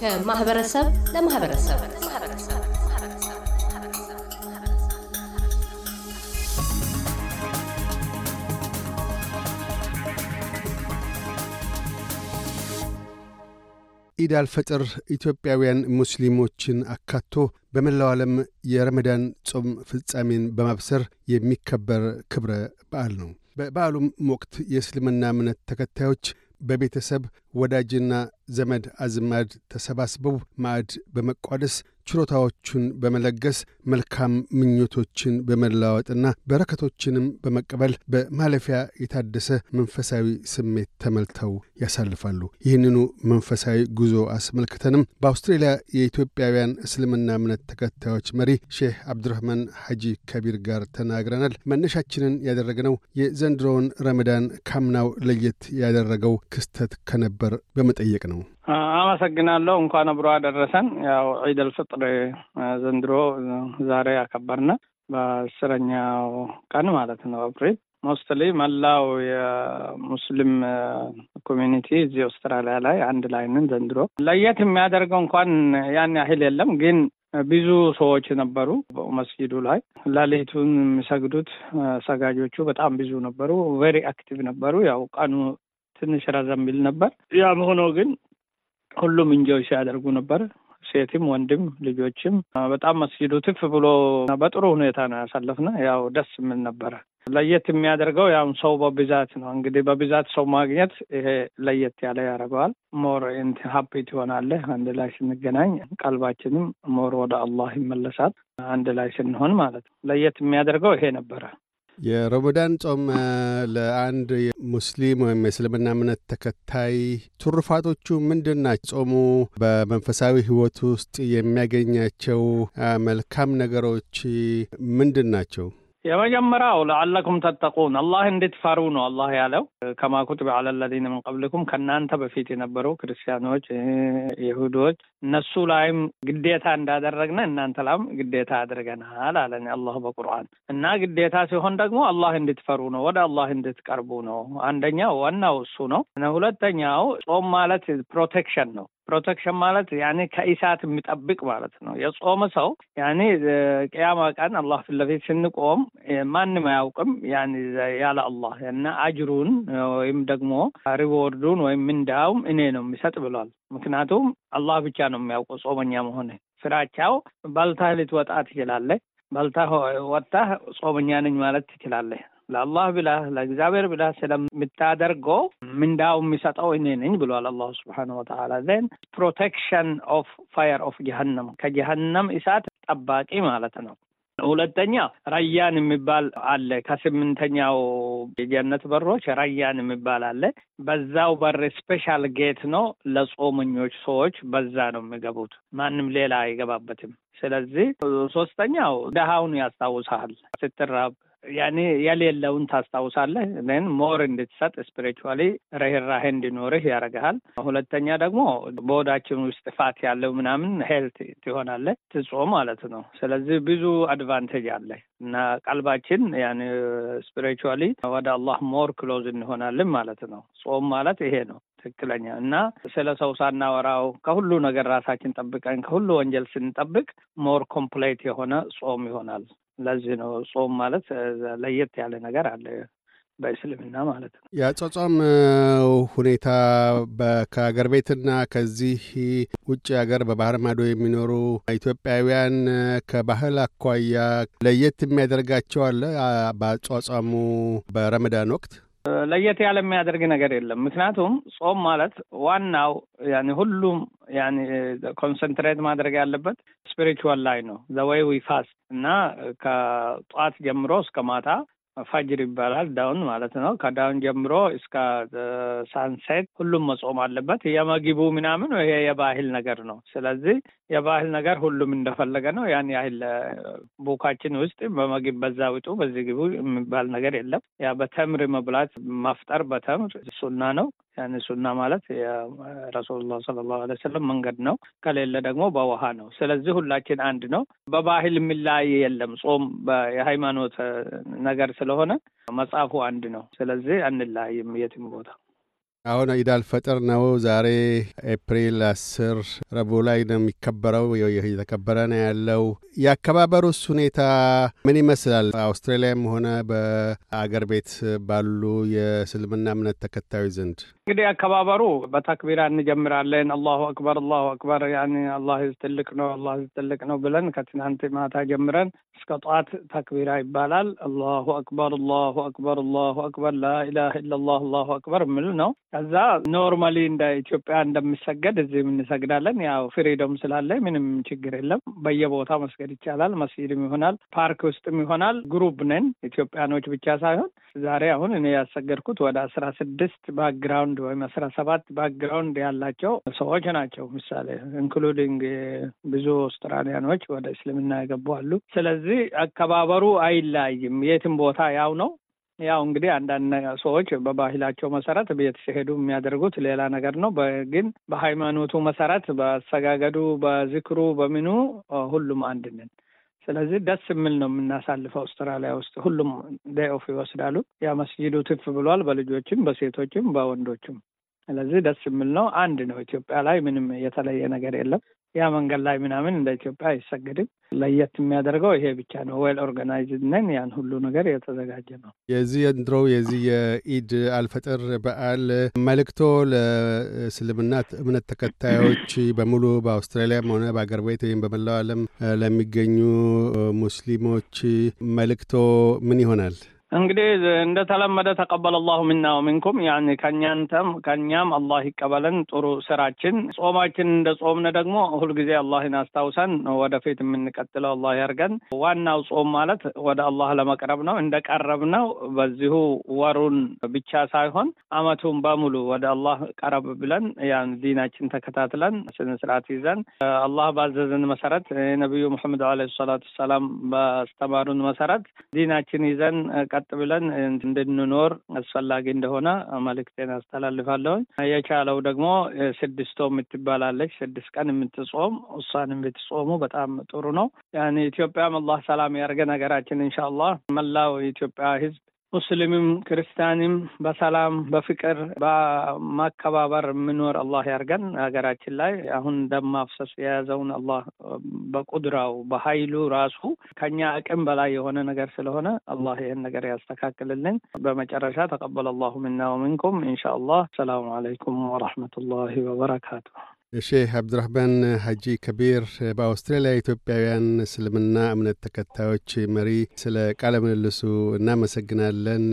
ከማህበረሰብ ለማህበረሰብ ኢድ አልፈጥር ኢትዮጵያውያን ሙስሊሞችን አካቶ በመላው ዓለም የረመዳን ጾም ፍጻሜን በማብሰር የሚከበር ክብረ በዓል ነው። በበዓሉም ወቅት የእስልምና እምነት ተከታዮች በቤተሰብ ወዳጅና ዘመድ አዝማድ ተሰባስበው ማዕድ በመቋደስ ችሎታዎቹን በመለገስ መልካም ምኞቶችን በመለዋወጥና በረከቶችንም በመቀበል በማለፊያ የታደሰ መንፈሳዊ ስሜት ተመልተው ያሳልፋሉ። ይህንኑ መንፈሳዊ ጉዞ አስመልክተንም በአውስትሬልያ የኢትዮጵያውያን እስልምና እምነት ተከታዮች መሪ ሼህ አብዱራህማን ሐጂ ከቢር ጋር ተናግረናል። መነሻችንን ያደረግነው የዘንድሮውን ረመዳን ካምናው ለየት ያደረገው ክስተት ከነበር በመጠየቅ ነው። አመሰግናለሁ። እንኳን አብሮ አደረሰን። ያው ዒድ አልፍጥር ዘንድሮ ዛሬ አከበርነ በአስረኛው ቀን ማለት ነው አፕሪል ሞስትሊ መላው የሙስሊም ኮሚኒቲ እዚህ አውስትራሊያ ላይ አንድ ላይንን ዘንድሮ። ለየት የሚያደርገው እንኳን ያን ያህል የለም፣ ግን ብዙ ሰዎች ነበሩ መስጊዱ ላይ ሌሊቱን የሚሰግዱት ሰጋጆቹ በጣም ብዙ ነበሩ። ቨሪ አክቲቭ ነበሩ። ያው ቀኑ ትንሽ ረዘም ቢል ነበር። ያም ሆኖ ግን ሁሉም እንጆይ ሲያደርጉ ነበር። ሴትም ወንድም ልጆችም በጣም መስጅዱ ትፍ ብሎ በጥሩ ሁኔታ ነው ያሳለፍነ። ያው ደስ የምል ነበረ። ለየት የሚያደርገው ያው ሰው በብዛት ነው እንግዲህ በብዛት ሰው ማግኘት ይሄ ለየት ያለ ያደርገዋል። ሞር እንትን ሀፒ ትሆናለ። አንድ ላይ ስንገናኝ፣ ቀልባችንም ሞር ወደ አላህ ይመለሳል አንድ ላይ ስንሆን ማለት ነው። ለየት የሚያደርገው ይሄ ነበረ። የረመዳን ጾም ለአንድ ሙስሊም ወይም የእስልምና እምነት ተከታይ ትሩፋቶቹ ምንድን ናቸው? ጾሙ በመንፈሳዊ ሕይወት ውስጥ የሚያገኛቸው መልካም ነገሮች ምንድን ናቸው? የመጀመሪያው ለአለኩም ተጠቁን አላህ እንድትፈሩ ነው አላህ ያለው። ከማ ኩቲበ ለዚነ ምን ቀብልኩም ከእናንተ በፊት የነበሩ ክርስቲያኖች፣ ይሁዶች እነሱ ላይም ግዴታ እንዳደረግነ እናንተ ላም ግዴታ አድርገናል አለን አላህ በቁርአን። እና ግዴታ ሲሆን ደግሞ አላህ እንድትፈሩ ነው፣ ወደ አላህ እንድትቀርቡ ነው። አንደኛው ዋናው እሱ ነው። ሁለተኛው ጾም ማለት ፕሮቴክሽን ነው። ፕሮቴክሽን ማለት ያኔ ከኢሳት የሚጠብቅ ማለት ነው። የጾመ ሰው ያኔ ቅያማ ቀን አላህ ፊት ለፊት ስንቆም ማንም አያውቅም ያኔ ያለ አላህ እና አጅሩን ወይም ደግሞ ሪዎርዱን ወይም ምንዳውም እኔ ነው የሚሰጥ ብሏል። ምክንያቱም አላህ ብቻ ነው የሚያውቀው ጾመኛ መሆነ ፍራቻው ባልታ ልትወጣ ትችላለህ። ባልታ ወጣህ ጾመኛ ነኝ ማለት ትችላለህ። ለአላህ ብላህ ለእግዚአብሔር ብላህ ስለምታደርገው ምንዳው የሚሰጠው እኔ ነኝ ብሏል አላሁ ስብሓን ወተዓላ። ዘን ፕሮቴክሽን ኦፍ ፋየር ኦፍ ጀሀነም ከጀሀነም እሳት ጠባቂ ማለት ነው። ሁለተኛ ረያን የሚባል አለ። ከስምንተኛው የጀነት በሮች ረያን የሚባል አለ። በዛው በር ስፔሻል ጌት ነው ለጾመኞች ሰዎች፣ በዛ ነው የሚገቡት። ማንም ሌላ አይገባበትም። ስለዚህ ሶስተኛው ደሃውን ያስታውሳል ስትራብ ያኔ የሌለውን ታስታውሳለህ። ን ሞር እንድትሰጥ ስፒሪቹዋሊ ረህራህ እንዲኖርህ ያደርግሃል። ሁለተኛ ደግሞ በወዳችን ውስጥ ፋት ያለው ምናምን ሄልት ትሆናለህ ትጾም ማለት ነው። ስለዚህ ብዙ አድቫንቴጅ አለ እና ቀልባችን ያን ስፒሪቹዋሊ ወደ አላህ ሞር ክሎዝ እንሆናለን ማለት ነው። ጾም ማለት ይሄ ነው ትክክለኛ እና ስለ ሰው ሳናወራው ከሁሉ ነገር ራሳችን ጠብቀን ከሁሉ ወንጀል ስንጠብቅ ሞር ኮምፕሌት የሆነ ጾም ይሆናል። ለዚህ ነው ጾም ማለት ለየት ያለ ነገር አለ በእስልምና ማለት ነው። የአጿጿም ሁኔታ ከሀገር ቤትና ከዚህ ውጭ ሀገር በባህር ማዶ የሚኖሩ ኢትዮጵያውያን ከባህል አኳያ ለየት የሚያደርጋቸው አለ። በአጿጿሙ በረመዳን ወቅት ለየት ያለ የሚያደርግ ነገር የለም። ምክንያቱም ጾም ማለት ዋናው ያኔ ሁሉም ያኔ ኮንሰንትሬት ማድረግ ያለበት ስፒሪቹዋል ላይ ነው ዘ ወይ ዊ ፋስት እና ከጠዋት ጀምሮ እስከ ማታ ፋጅር ይባላል ዳውን ማለት ነው። ከዳውን ጀምሮ እስከ ሳንሴት ሁሉም መጾም አለበት። የመግቡ ምናምን ይሄ የባህል ነገር ነው። ስለዚህ የባህል ነገር ሁሉም እንደፈለገ ነው። ያን ያህል ቡካችን ውስጥ በመግብ በዛ ውጡ በዚህ ግቡ የሚባል ነገር የለም። ያ በተምር መብላት ማፍጠር በተምር ሱና ነው። ያን ሱና ማለት የረሱሉላ ላሁ ለ ሰለም መንገድ ነው። ከሌለ ደግሞ በውሃ ነው። ስለዚህ ሁላችን አንድ ነው። በባህል የሚላይ የለም። ጾም የሃይማኖት ነገር ስለሆነ መጽሐፉ አንድ ነው። ስለዚህ አንላይም የትም ቦታ አሁን ኢዳል ፈጥር ነው። ዛሬ ኤፕሪል አስር ረቡዕ ላይ ነው የሚከበረው፣ እየተከበረ ነው ያለው። የአከባበሩስ ሁኔታ ምን ይመስላል? አውስትራሊያም ሆነ በአገር ቤት ባሉ የእስልምና እምነት ተከታዮች ዘንድ እንግዲህ አከባበሩ በታክቢራ እንጀምራለን። አላሁ አክበር አላሁ አክበር ያኒ አላህ ትልቅ ነው አላህ ትልቅ ነው ብለን ከትናንት ማታ ጀምረን እስከ ጠዋት ታክቢራ ይባላል። አላሁ አክበር አላሁ አክበር አላሁ አክበር ላኢላህ ኢላላህ አላሁ አክበር ምል ነው። ከዛ ኖርማሊ እንደ ኢትዮጵያ እንደሚሰገድ እዚህም እንሰግዳለን። ያው ፍሪዶም ስላለ ምንም ችግር የለም። በየቦታው መስገድ ይቻላል። መስጊድም ይሆናል፣ ፓርክ ውስጥም ይሆናል። ግሩፕ ነን ኢትዮጵያኖች ብቻ ሳይሆን ዛሬ አሁን እኔ ያሰገድኩት ወደ አስራ ስድስት ባክግራውንድ ወይም አስራ ሰባት ባክግራውንድ ያላቸው ሰዎች ናቸው። ምሳሌ ኢንክሉዲንግ ብዙ አውስትራሊያኖች ወደ እስልምና የገቡ አሉ። ስለዚህ አከባበሩ አይለያይም። የትም ቦታ ያው ነው። ያው እንግዲህ አንዳንድ ሰዎች በባህላቸው መሰረት ቤት ሲሄዱ የሚያደርጉት ሌላ ነገር ነው። ግን በሃይማኖቱ መሰረት በአሰጋገዱ፣ በዝክሩ፣ በምኑ ሁሉም አንድ ነን። ስለዚህ ደስ የሚል ነው የምናሳልፈው። አውስትራሊያ ውስጥ ሁሉም ዴይ ኦፍ ይወስዳሉ። ያ መስጂዱ ትፍ ብሏል፣ በልጆችም፣ በሴቶችም፣ በወንዶችም። ስለዚህ ደስ የሚል ነው። አንድ ነው። ኢትዮጵያ ላይ ምንም የተለየ ነገር የለም። ያ መንገድ ላይ ምናምን እንደ ኢትዮጵያ አይሰገድም። ለየት የሚያደርገው ይሄ ብቻ ነው። ዌል ኦርጋናይዝድ ነን። ያን ሁሉ ነገር የተዘጋጀ ነው። የዚህ የዘንድሮው የዚህ የኢድ አልፈጥር በዓል መልእክቶ ለእስልምና እምነት ተከታዮች በሙሉ በአውስትራሊያም ሆነ በአገር ቤት ወይም በመላው ዓለም ለሚገኙ ሙስሊሞች መልእክቶ ምን ይሆናል? እንግዲህ እንደተለመደ ተቀበለ አላሁ ሚና ወሚንኩም ያን ከእኛንተም ከእኛም አላህ ይቀበለን ጥሩ ስራችን። ጾማችን እንደ ጾምነ ደግሞ ሁልጊዜ አላህን አስታውሰን ወደፊት የምንቀጥለው አላህ ያርገን። ዋናው ጾም ማለት ወደ አላህ ለመቅረብ ነው። እንደ ቀረብ ነው በዚሁ ወሩን ብቻ ሳይሆን አመቱን በሙሉ ወደ አላህ ቀረብ ብለን ያን ዲናችን ተከታትለን ስነስርዓት ይዘን አላህ ባዘዘን መሰረት ነቢዩ ሙሐመድ አለ ሰላት ሰላም ባስተማሩን መሰረት ዲናችን ይዘን ቀጥ ብለን እንድንኖር አስፈላጊ እንደሆነ መልእክቴን አስተላልፋለሁኝ። የቻለው ደግሞ ስድስቶ የምትባላለች ስድስት ቀን የምትጾም እሷን ብትጾሙ በጣም ጥሩ ነው። ያን ኢትዮጵያም አላህ ሰላም ያርገን ሀገራችን ኢንሻአላህ መላው የኢትዮጵያ ህዝብ ሙስሊምም ክርስቲያንም በሰላም በፍቅር በማከባበር የምኖር አላህ ያርገን። ሀገራችን ላይ አሁን ደም ማፍሰስ የያዘውን አላህ በቁድራው በሀይሉ ራሱ ከኛ አቅም በላይ የሆነ ነገር ስለሆነ አላህ ይህን ነገር ያስተካክልልን። በመጨረሻ ተቀበለ አላሁ ምና ወሚንኩም ኢንሻ አላህ። ሰላሙ አለይኩም ወረሕመቱላሂ ወበረካቱ። ሼህ አብዱራህማን ሀጂ ከቢር በአውስትራሊያ ኢትዮጵያውያን እስልምና እምነት ተከታዮች መሪ፣ ስለ ቃለ ምልልሱ እናመሰግናለን።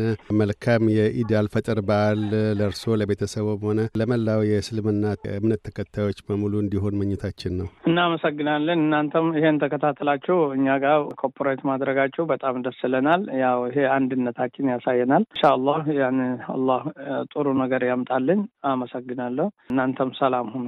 መልካም የኢድ አልፈጥር በዓል ለእርሶ ለቤተሰቡም ሆነ ለመላው የእስልምና እምነት ተከታዮች በሙሉ እንዲሆን መኝታችን ነው። እናመሰግናለን። እናንተም ይሄን ተከታትላችሁ እኛ ጋር ኮፖሬት ማድረጋችሁ በጣም ደስ ይለናል። ያው ይሄ አንድነታችን ያሳየናል። ኢንሻአላህ ያን አላህ ጥሩ ነገር ያምጣልን። አመሰግናለሁ። እናንተም ሰላም ሁኑ።